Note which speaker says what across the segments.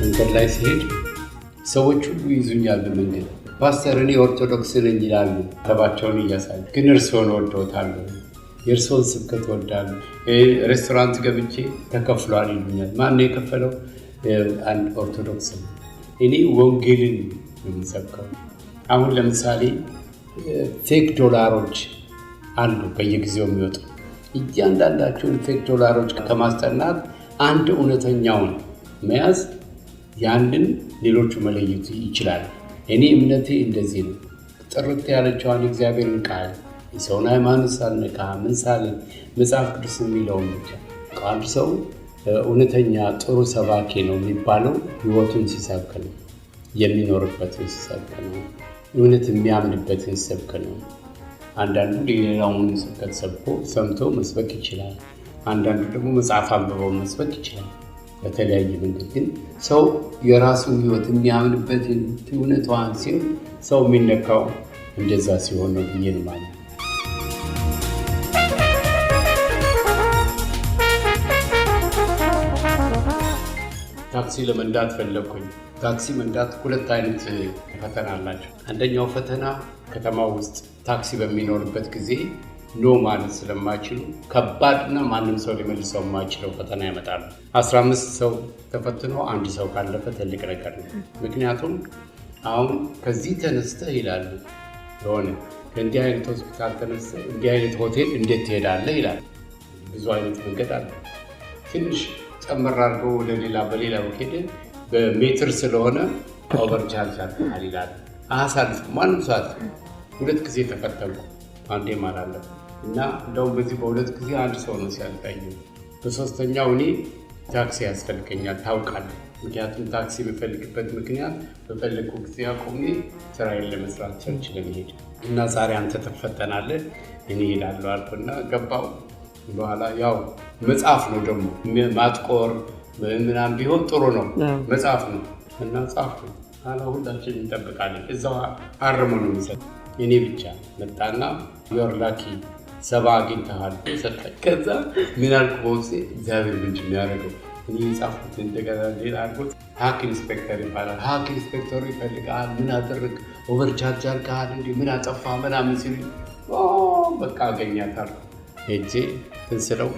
Speaker 1: መንገድ ላይ ሲሄድ ሰዎች ሁሉ ይዙኛል በመንገድ ፓስተር፣ እኔ ኦርቶዶክስ ነኝ ይላሉ። ተባቸውን እያሳዩ ግን እርስዎን ወደውታሉ፣ የእርስዎን ስብከት ወዳሉ። ሬስቶራንት ገብቼ ተከፍሏል ይሉኛል። ማነው የከፈለው? አንድ ኦርቶዶክስ ነው። እኔ ወንጌልን ነው አሁን ለምሳሌ ፌክ ዶላሮች አሉ በየጊዜው የሚወጡ እያንዳንዳቸውን ፌክ ዶላሮች ከማስጠናት አንድ እውነተኛውን መያዝ ያንድን ሌሎቹ መለየት ይችላል። እኔ እምነቴ እንደዚህ ነው። ጥርት ያለችዋን እግዚአብሔርን ቃል የሰውን ሃይማኖት ሳልነካ ምን ሳልን መጽሐፍ ቅዱስ የሚለውን አንድ ሰው እውነተኛ ጥሩ ሰባኪ ነው የሚባለው ህይወቱን ሲሰብክ ነው፣ የሚኖርበትን ሲሰብክ ነው፣ እውነት የሚያምንበትን ሲሰብክ ነው። አንዳንዱ ሌላውን ስብከት ሰብኮ ሰምቶ መስበክ ይችላል። አንዳንዱ ደግሞ መጽሐፍ አንብበው መስበክ ይችላል። በተለያየ መንገድ ግን ሰው የራሱን ሕይወት የሚያምንበትን እውነቷን ሲሆን ሰው የሚነካው እንደዛ ሲሆን ነው ብዬ ነው ማለት ታክሲ ለመንዳት ፈለግኩኝ። ታክሲ መንዳት ሁለት አይነት ፈተና አላቸው። አንደኛው ፈተና ከተማ ውስጥ ታክሲ በሚኖርበት ጊዜ ኖ ማለት ስለማይችሉ ከባድና ማንም ሰው ሊመልሰው የማይችለው ፈተና ያመጣሉ። አስራ አምስት ሰው ተፈትኖ አንድ ሰው ካለፈ ትልቅ ነገር ነው። ምክንያቱም አሁን ከዚህ ተነስተህ ይላሉ የሆነ ከእንዲህ አይነት ሆስፒታል ተነስተህ እንዲህ አይነት ሆቴል እንዴት ትሄዳለህ ይላል። ብዙ አይነት መንገድ አለ። ትንሽ ጨምር አድርገው ወደ ሌላ በሌላ ሄደ በሜትር ስለሆነ ኦቨር ቻርጅ አድርገሃል ይላል። አሳልፍ ማንም ሰዓት ሁለት ጊዜ ተፈተንኩ አንዴ አላለም እና እንደውም በዚህ በሁለት ጊዜ አንድ ሰው ነው ሲያልጠኝ፣ በሶስተኛው እኔ ታክሲ ያስፈልገኛል ታውቃለህ። ምክንያቱም ታክሲ የምፈልግበት ምክንያት በፈለግኩ ጊዜ አቁሜ ስራዬን ለመስራት ቸርች ለመሄድ እና ዛሬ አንተ ትፈተናለህ እኔ እሄዳለሁ አልኩና ገባው። በኋላ ያው መጽሐፍ ነው ደግሞ ማጥቆር ምናምን ቢሆን ጥሩ ነው መጽሐፍ ነው እና ጻፍ ነው ኋላ ሁላችን እንጠብቃለን። እዛው አርሙ ነው የሚሰጥ እኔ ብቻ መጣና ዮር ላኪ ሰባ አግኝተሃል ሰጠ። ከዛ ምን አልኩ በውስጤ እግዚአብሔር ምንጭ የሚያደርገው እኔ የጻፍኩት እንደገና ሌላ አልኩት። ሀክ ኢንስፔክተር ይባላል። ሀክ ኢንስፔክተሩ ይፈልግሃል፣ ምን አደረግ፣ ኦቨርቻርጅ አድርገሃል፣ እንዲህ ምን አጠፋ ምናምን ሲሉ በቃ አገኛታል ሄጄ ትንስለው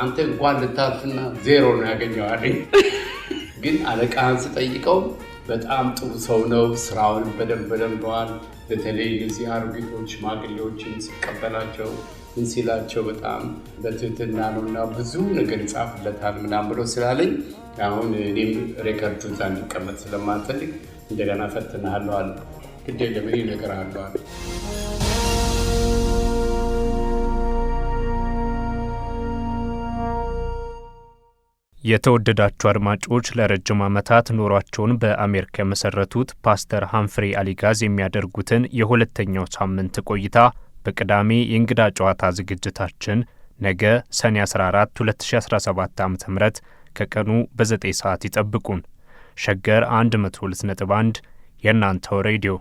Speaker 1: አንተ እንኳን ልታልፍና ዜሮ ነው ያገኘው አለኝ። ግን አለቃህን ስጠይቀው በጣም ጥሩ ሰው ነው። ስራውን በደንብ በደንበዋል። በተለይ እዚህ አሮጊቶች ሽማግሌዎችን ሲቀበላቸው ምን ሲላቸው በጣም በትህትና ነው እና ብዙ ነገር ይጻፍለታል ምናምን ብሎ ስላለኝ አሁን እኔም ሬከርዱን እንዲቀመጥ ስለማልፈልግ እንደገና ፈትንሃለሁ አለ። ግዴለም ይህ ነገር አለዋል
Speaker 2: የተወደዳቸው አድማጮች ለረጅም ዓመታት ኑሯቸውን በአሜሪካ የመሰረቱት ፓስተር ሃምፍሬ አሊጋዝ የሚያደርጉትን የሁለተኛው ሳምንት ቆይታ በቅዳሜ የእንግዳ ጨዋታ ዝግጅታችን ነገ ሰኔ 14 2017 ዓ ም ከቀኑ በ9 ሰዓት ይጠብቁን። ሸገር 102.1 የእናንተው ሬዲዮ